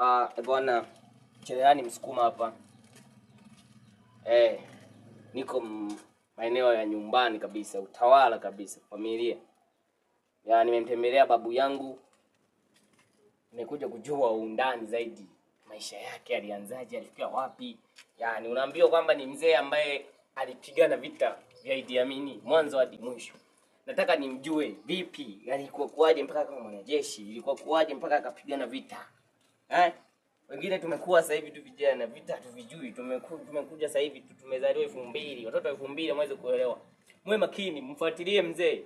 Uh, bwana cherehani msukuma hapa eh, niko maeneo ya nyumbani kabisa, utawala kabisa, familia ya. Nimemtembelea babu yangu, nimekuja kujua undani zaidi maisha yake, alianzaje, alifikia wapi. Yaani unaambiwa kwamba ni mzee ambaye alipigana vita vya Idi Amini mwanzo hadi mwisho. Nataka nimjue vipi, alikuwa kuwaje mpaka kama mwanajeshi, ilikuwa kuwaje mpaka akapigana vita eh? Wengine tumekuwa sasa hivi tu vijana vita hatuvijui, tumeku, tumekuja sasa hivi tu tumezaliwa elfu mbili watoto elfu mbili mweze kuelewa. Mwe makini, mfuatilie mzee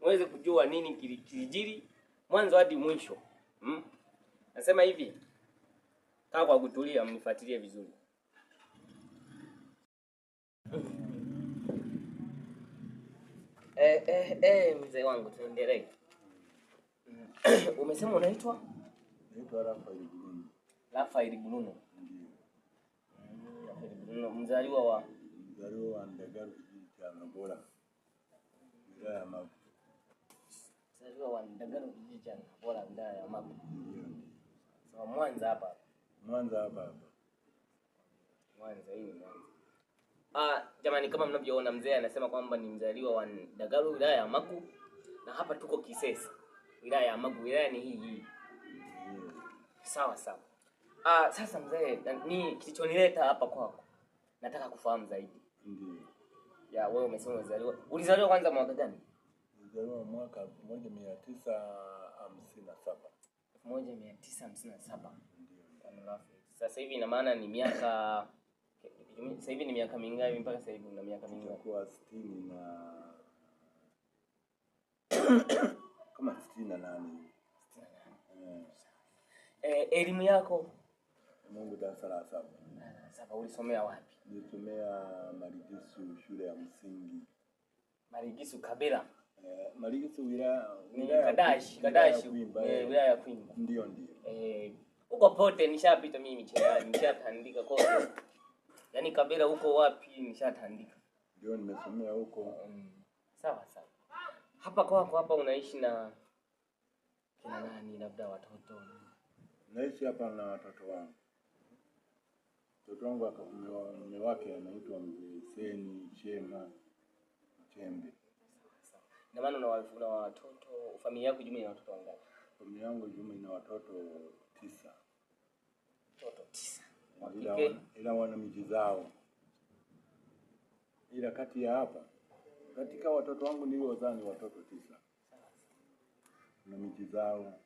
mweze kujua nini kilijiri mwanzo hadi mwisho hmm? Nasema hivi kaa kwa kutulia, mnifuatilie vizuri eh, eh, eh, mzee wangu tuendelee. Umesema unaitwa Naitwa Rafael Rafael Rafael mzaliwa wa mzaliwa wa Ndagaru kijiji cha ya Mzaliwa wa Ndagaru kijiji cha ya Sawa, Mwanza hapa. Mwanza hapa hapa. Mwanza hii Mwanza. Ah, jamani kama mnavyoona mzee anasema kwamba ni mzaliwa wa Ndagaru wilaya ya Magu na hapa tuko Kisesa wilaya ya Magu, wilaya ni hii hii. Sawa sawa. Ah, sasa mzee, ni kilichonileta hapa kwako. Nataka kufahamu zaidi. Ndiyo. Ya wewe umesema ulizaliwa. Ulizaliwa kwanza mwaka gani? ulizaliwa mwaka 1957. 1957. Ndiyo. Sasa hivi ina maana ni miaka sasa hivi ni miaka mingapi mpaka sasa hivi una miaka mingapi? Nilikuwa 60 na kama 68 eh, elimu yako Mungu darasa la saba. Sasa ulisomea wapi? Nilisomea Marigisu shule ya msingi. Marigisu Kabera. Eh, Marigisu wilaya wilaya Kadashi, Kadashi wilaya eh, eh. ya Kwimba. Ndio ndio. Eh, uko pote nishapita mimi mcheani, nishatandika kote. Yaani Kabera uko wapi nishatandika. Ndio nimesomea huko. Mm. Sawa sawa. Hapa kwako hapa unaishi na kina nani labda watoto? naishi hapa na watoto wangu. Mtoto wangu mume wake anaitwa mzee Seni Chema Chembe. Na maana na watoto, familia yako jumla ina watoto wangapi? Familia yangu jumla ina watoto tisa. Watoto tisa. Ila, ila wana miji zao, ila kati ya hapa katika watoto wangu niliozaa ni watoto tisa na miji zao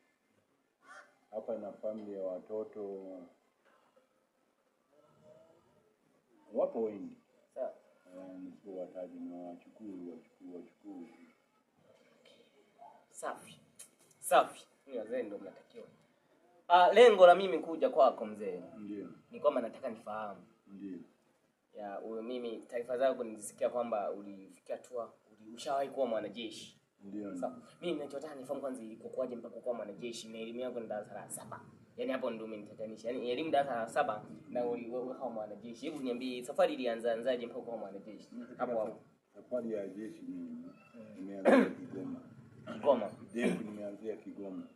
hapa na famili ya watoto wapo wengi eh, nisiwataji na wachukuru wachukuru wachukuru. Safi safi, ni wazee ndo mnatakiwa. Ah, lengo la mimi kuja kwako mzee, ndio ni kwamba nataka nifahamu, ndio ya huyo mimi, taarifa zako nilisikia kwamba ulifikia hatua, ushawahi kuwa mwanajeshi ndio. So, mimi ninachotaka nifahamu kwanza ilikokuaje mpaka kuwa mwanajeshi na elimu yako ni darasa la saba. Yaani hapo ndio umenitatanisha. Yaani elimu darasa la saba na wewe kama mwanajeshi. Hebu niambie safari ilianza anzaje mpaka kuwa mwanajeshi? Hapo hapo. Safari ya jeshi ni mm. nimeanza Kigoma. Kigoma. Jeshi nimeanzia Kigoma.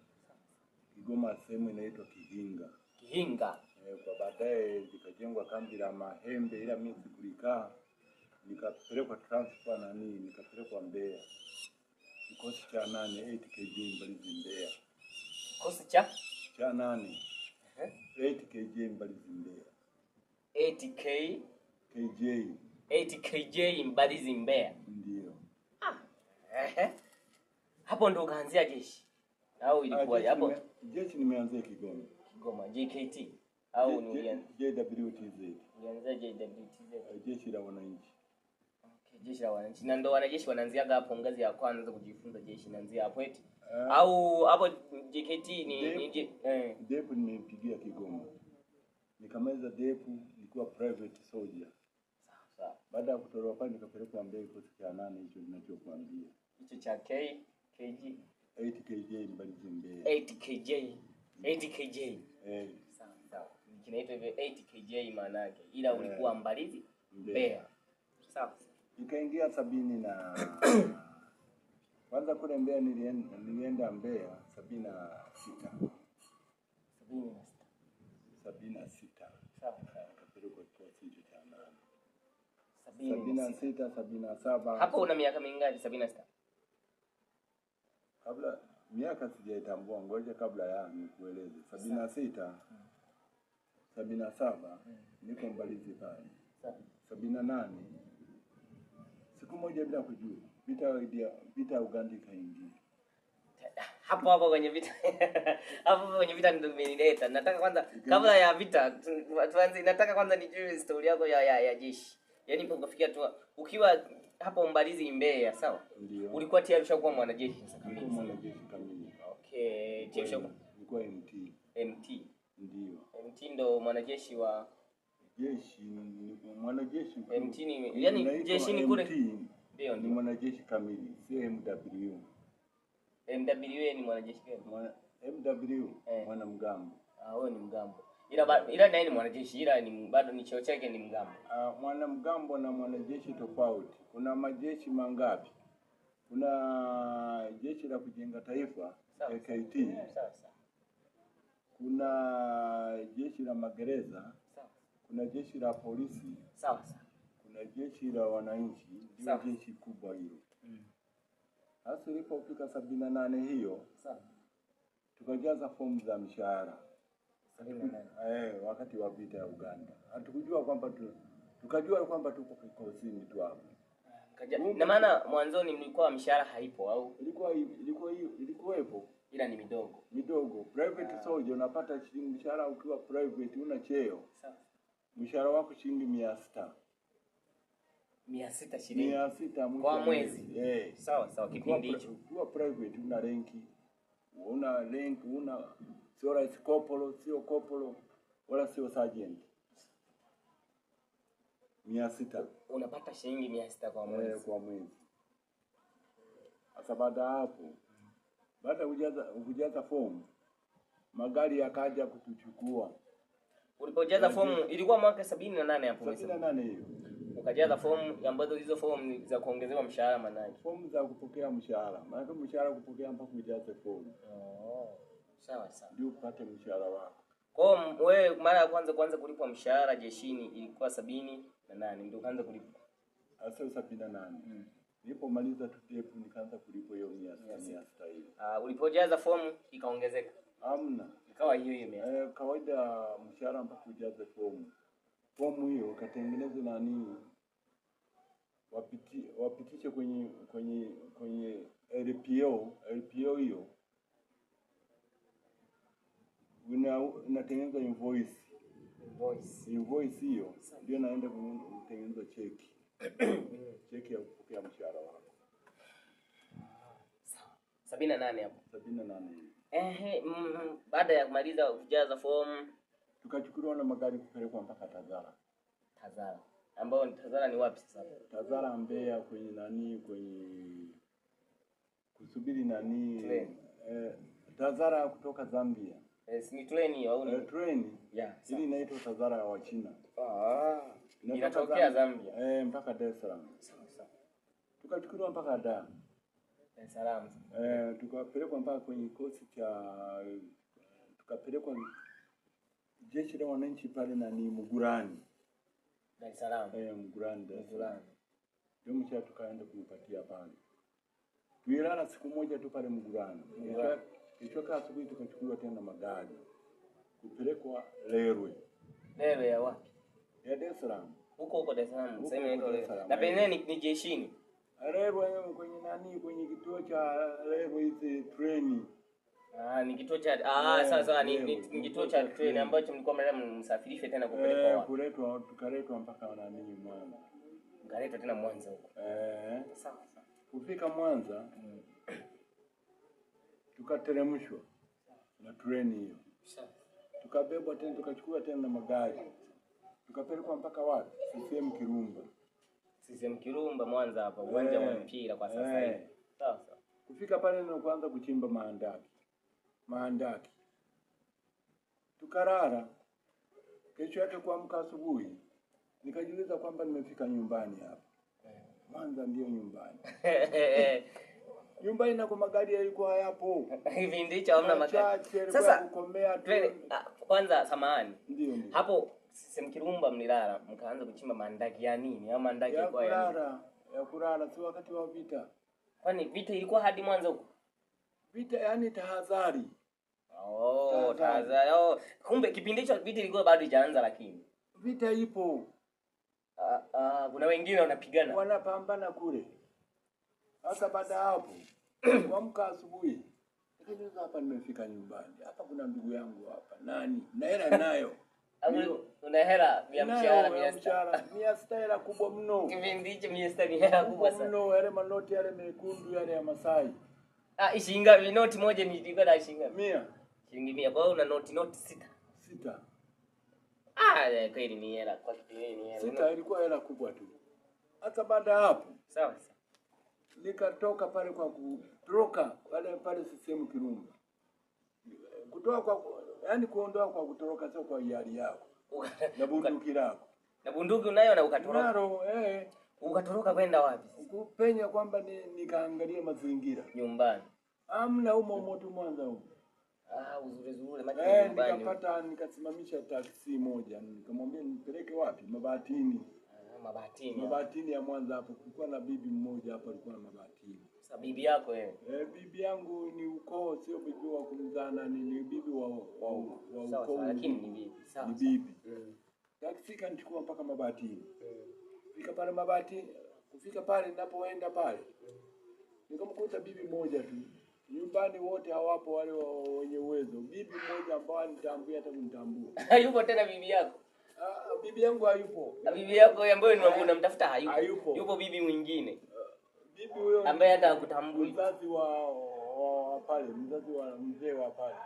Kigoma sehemu inaitwa Kihinga. Kihinga. E, kwa baadaye likajengwa kambi la Mahembe, ila mimi sikulikaa, nikapelekwa transfer nani, nikapelekwa Mbeya. Kikosi cha nane 8 kg Mbalizi Mbeya. Kikosi cha cha nane uh -huh. kg Mbalizi Mbeya. 8 k kj 8 kj Mbalizi Mbeya. Ndio. Ah. Ehe. Hapo ndo ukaanzia jeshi au ah, ilikuwaje hapo? Jeshi nimeanzia Kigoma. Kigoma JKT au ni JWTZ. Nianzia JWTZ. Ah, jeshi la wananchi jeshi la wananchi, na ndo wanajeshi wanaanziaga hapo ngazi ya kwanza kujifunza jeshi, naanzia hapo eti uh, au hapo JKT ni depu, ni je, eh. Depu Kigoma nikamaliza depu nikiwa private soldier. baada ya kutolewa pale nikapelekwa Mbeya kikosi cha nane, hicho ninachokuambia hicho cha K KG 8 KJ Mbalizi Mbeya 8 KJ 8 KJ eh, kinaitwa hivyo 8 KJ maana yake, ila eh. ulikuwa Mbalizi mbea sawa nikaingia sabini na kwanza kule Mbeya nilienda, nilienda Mbeya sabini na sita sabini na sita sabini na sita sabini na saba Hapo una miaka mingapi? sabini na sita kabla miaka sijaitambua, ngoja kabla ya nikueleze. sabini na sita sabini na saba mm. niko Mbalizi pale, sabini na nane siku moja bila kujua vita vita Uganda ikaingia hapo hapo kwenye vita hapo hapo kwenye vita ndio nimeleta. Nataka kwanza kabla ya vita tuanze, nataka kwanza nijue historia yako ya, ya, ya jeshi, yaani kufikia tu ukiwa hapo Mbalizi Mbeya, sawa? Ndiyo. ulikuwa tayari ushakuwa mwanajeshi sasa kamili? Mwanajeshi kamili. Okay, tayari ushakuwa MT. MT. Ndio. MT ndo mwanajeshi wa jeshi mwanajeshi mtini, yani jeshini kule ndio ni mwanajeshi kamili, si MW. MW ni mwanajeshi gani? MW eh. mwanamgambo. Ah, wewe ni mgambo ila eh. ila naye ni mwanajeshi ila ni bado ni cheo chake ni mgambo. Ah, mwanamgambo na mwanajeshi tofauti. Kuna majeshi mangapi? Kuna jeshi la kujenga taifa JKT. Kuna jeshi la magereza kuna jeshi la polisi sawa sawa, kuna jeshi la wananchi, ndio jeshi kubwa hilo. Sasa mm. ilipofika sabini na nane hiyo sawa, tukajaza fomu za mshahara eh, wakati wa vita ya Uganda hatukujua kwamba tu, tukajua kwamba tuko kikosini tu hapo na maana mwanzoni mlikuwa mshahara haipo au ilikuwa ilikuwa ilikuwa ipo ila ni midogo midogo. Private ah. soldier unapata shilingi mshahara ukiwa private, una cheo sawa mshahara wako shilingi mia sita mia sita shilingi mia sita kwa mwezi eh. Sawa sawa, kipindi hicho kwa private una renki una renki una sio rais kopolo sio kopolo wala sio sergeant mia sita unapata shilingi mia sita kwa mwezi eh, kwa mwezi. Sasa baada hapo, baada kujaza kujaza fomu, magari yakaja kutuchukua ulipojaza fomu ilikuwa mwaka sabini na nane hapo sabini na ukajaza fomu ambazo hizo fomu za kuongezewa mshahara manake fomu za kupokea mshahara maanake mshahara kupokea mpaka ujaze fomu oh. sawa sawa ndio upate mshahara wako kwao wewe mara ya kwanza kuanza kulipwa mshahara jeshini ilikuwa sabini na nane ndio ukaanza kulipwa sio sabini na nane mm. nilipomaliza tudepu nikaanza kulipwa hiyo mia yes. stahili uh, ah, ulipojaza fomu ikaongezeka amna ikawa hiyo hiyo. Eh, Kawaida mshahara mpaka ujaze fomu, fomu hiyo katengeneze nani, wapiti, wapitishe kwenye kwenye kwenye RPO RPO hiyo inatengeneza invoice invoice invoice hiyo ndio naenda kutengeneza cheki cheki ya kupokea mshahara wako sabini na nane hapo sabini na nane ehe, mm, baada ya kumaliza kujaza fomu tukachukuliwa na magari kupelekwa mpaka Tazara. Tazara ambao ni Tazara ni wapi sasa? Tazara Mbeya, kwenye nani, kwenye kusubiri nani Eh, Tazara ya kutoka Zambia eh, ni treni au ni eh, treni yeah, ili inaitwa Tazara ya Wachina ah, inatokea Zambia eh, mpaka Dar es Salaam. Tukachukuliwa mpaka Dar Salaam. Eh, tukapelekwa mpaka kwenye kikosi cha eh, tukapelekwa jeshi la wananchi pale na ni Mugurani. Dar es Salaam. Eh, Mugurani Dar es Salaam. Ndio mcha tukaenda kumpatia pale. Tulilala siku moja tu pale Mugurani. Kishoka asubuhi tukachukuliwa tena magari kupelekwa Lerwe. Lerwe ya wapi? Ya Dar es Salaam. Huko huko Dar es Salaam. Sema inaitwa Lerwe. Na penyewe ni jeshini revo kwenye nani, kwenye kituo cha revo hizi treni. Ah, ni kituo cha ah, eh, sawa sawa, ni ni kituo cha treni ambacho mlikuwa mnaenda msafirishe tena kupeleka eh, wapi? Kuletwa, tukaletwa mpaka nani, Mwanza. Mkaletwa tena Mwanza huko. Eh. Sawa Kufika Mwanza tukateremshwa na treni hiyo, tukabebwa tena, tukachukua tena na magari, tukapelekwa mpaka wapi? CCM Kirumba. CCM Kirumba Mwanza hapa uwanja wa eh, mpira kwa sasa hivi. Eh. Sasa Kufika pale ndio kuanza kuchimba maandaki. Maandaki. Tukarara. Kesho yake kuamka asubuhi nikajiuliza kwamba nimefika nyumbani hapa. Eh. Mwanza ndio nyumbani. nyumbani kwa magari yalikuwa hayapo. Hivi ndicho hamna magari. Sasa ah, kwanza samahani. Ndio. Hapo sisi kirumba mlilala mkaanza kuchimba mandaki ya nini au mandaki ya kwa ya kulala, si wakati wa vita? Kwani vita ilikuwa hadi mwanzo huko vita, yani tahadhari. Oh, tahadhari. Oh, kumbe kipindi hicho vita ilikuwa bado haijaanza, lakini vita ipo. Ah, ah, kuna wengine wanapigana wanapambana kule. Sasa baada hapo kuamka asubuhi hapa nimefika nyumbani, hapa kuna ndugu yangu hapa nani na hela nayo Una hela mia mshahara mia mshahara mia sita hela kubwa mno. Kipindi hicho mia sita ni hela kubwa sana mno, yale manoti yale mekundu yale ya Masai. Ah, ishinga noti moja ni ilikuwa na ishinga mia shilingi mia. Kwa hiyo una noti noti sita sita. Ah, kweli ni hela kwa kipindi ni hela sita, ilikuwa hela kubwa tu. Hata baada hapo sawa sawa, nikatoka pale kwa kutoka pale pale sisemu Kirumba, kutoka kwa yaani kuondoa kwa kutoroka, sio kwa hiari yako na bunduki lako na bunduki unayo na ukatoroka naro eh, ukatoroka kwenda wapi? Kupenya kwamba ni, nikaangalia mazingira nyumbani, amna umo moto Mwanza huko Ah, uzuri zuri maji eh, nyumbani. Nikapata nikasimamisha taksi moja nikamwambia nipeleke wapi? Mabatini. Ah, mabatini. Mabatini ya Mwanza hapo kulikuwa na bibi mmoja hapo alikuwa na mabatini. Sasa bibi yako eh, Eh, bibi yangu ni ukoo, sio bibi wa kumzana ni bibi wa sawa sawa, ni bibi. Sawa mm. nichukua mpaka Mabatini. Mm. Fika pale mabati kufika pale napoenda pale nikamkuta bibi moja tu nyumbani, wote hawapo wale wenye uwezo. Bibi moja ambao anitambua hata kunitambua hayupo tena. Bibi yako? Ah, ah bibi yangu hayupo. bibi yako ambayo unamtafuta hayupo. yupo bibi mwingine. Ah, bibi huyo ambaye hata hakutambui, mzazi wa, wa pale, mzazi wa mzee wa pale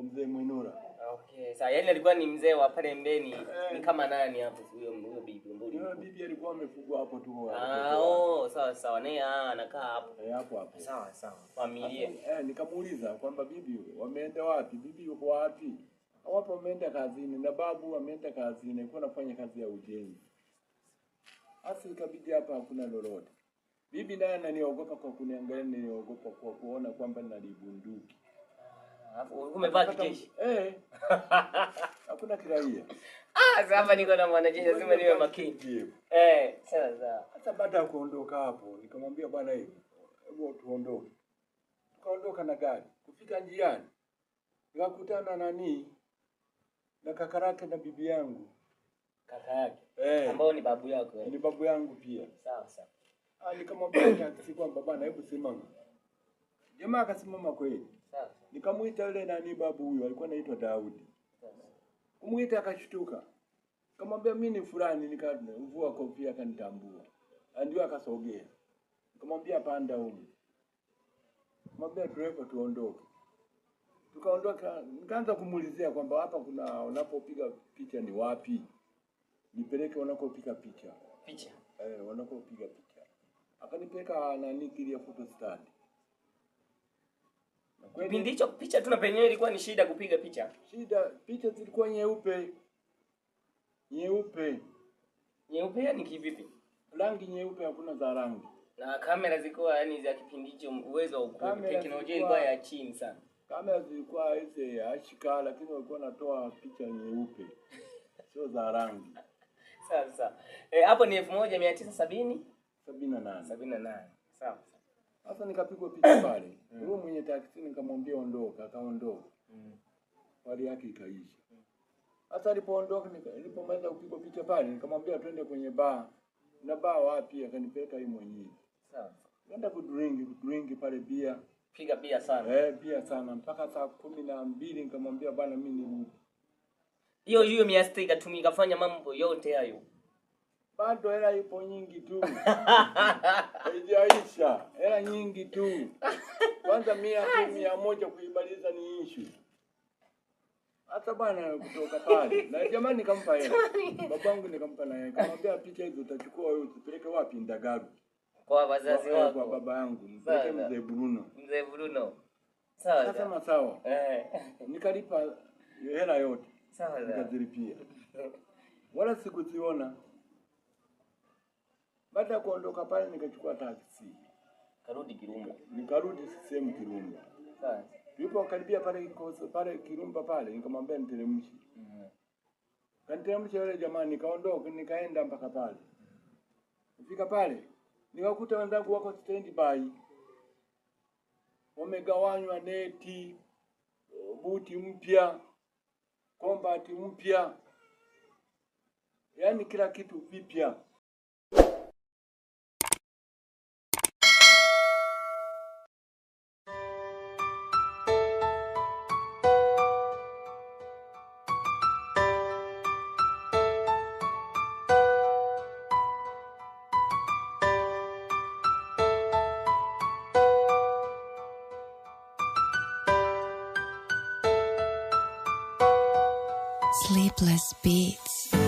kwa mzee Mwinura. Okay, Sasa yeye yaani alikuwa ni mzee wa pale mbeni, eh. ni kama nani hapo huyo huyo bibi mburi. Huyo bibi alikuwa amefugwa hapo tu. Ah, oh, sawa sawa. Naye ah anakaa hapo. Eh, hapo hapo. Sawa sawa. Familia. Eh, nikamuuliza kwamba bibi wameenda wapi? Bibi yuko wapi? Wapo wameenda kazini na babu wameenda kazini, alikuwa anafanya kazi ya ujenzi. Asi ikabidi hapa hakuna lolote. Bibi naye ananiogopa kwa kuniangalia, niliogopa kwa kuona kwamba nalibunduki Umevaa kijeshi? Eh. Hakuna kiraia. Ah, sasa niko na mwanajeshi lazima niwe makini. Eh, sawa sawa. Hata baada ya kuondoka hapo nikamwambia bwana hivi, hebu tuondoke. Tukaondoka na gari. Kufika njiani nikakutana nani na kaka yake na bibi yangu. Kaka yake eh, ambao ni babu yako eh? Ni babu yangu pia. Sawa sawa. Ah, nikamwambia kwamba bwana, hebu simama. Jamaa akasimama kweli. Nikamwita yule nani babu huyo alikuwa anaitwa Daudi. Kumwita akashtuka. Kamwambia mimi ni fulani, nikavua kofia akanitambua. Ndio akasogea. Nikamwambia panda huko. Mwambia dereva tuondoke. Tukaondoka, nikaanza kumulizia kwamba hapa kuna unapopiga picha ni wapi? Nipeleke unakopiga picha. Picha. Eh, unakopiga picha. Akanipeleka nani kile photo stand. Kipindi hicho picha tu na penyewe ilikuwa ni shida kupiga picha. Shida picha zilikuwa nyeupe. Nyeupe. Nyeupe yani kivipi? Rangi nyeupe hakuna za rangi. Na kamera zilikuwa yani za kipindi hicho uwezo wa teknolojia ilikuwa ya chini sana. Kamera zilikuwa hizi ashika lakini walikuwa natoa picha nyeupe. Sio za rangi. Sasa. Eh, hapo ni 1970 78. 78. Sawa. Sasa nikapigwa picha pale mm. Yule mwenye taksi nikamwambia ondoka, akaondoka mm. Wali yake ikaisha hasa. Alipoondoka, nilipomaliza kupigwa picha pale, nikamwambia twende kwenye baa. Na baa wapi? Akanipeleka yeye mwenyewe, sawa. Nenda ku drink ku drink pale bia, piga bia sana, eh bia sana mpaka saa kumi na mbili. Nikamwambia bwana, mimi ni hiyo hiyo miastika sita ikatumika, mambo yote hayo bado hela ipo nyingi tu, haijaisha. Hela nyingi tu. Kwanza mia tu, mia moja kuibaliza ni ishu hata bana kutoka pale na jamani, nikampa hela babangu, nikampa na yeye, kamwambia picha hizo utachukua wewe, utipeleke wapi? Ndagaru kwa wazazi wako, kwa baba yangu, mpeleke mzee Bruno, mzee Bruno. Sawa, nasema sawa eh. Nikalipa hela yote, sawa, nikazilipia wala sikuziona. Baada ya kuondoka pale, nikachukua taksi karudi Kirumba, nikarudi sehemu Kirumba. Sawa, tulipokaribia pale kikosi pale Kirumba pale, nikamwambia niteremshi. Mhm, kaniteremsha yule jamaa, nikaondoka nikaenda mpaka pale. Kufika pale niwakuta wenzangu wako stand by, wamegawanywa neti, buti mpya, kombati mpya, yaani kila kitu vipya. helpless beats.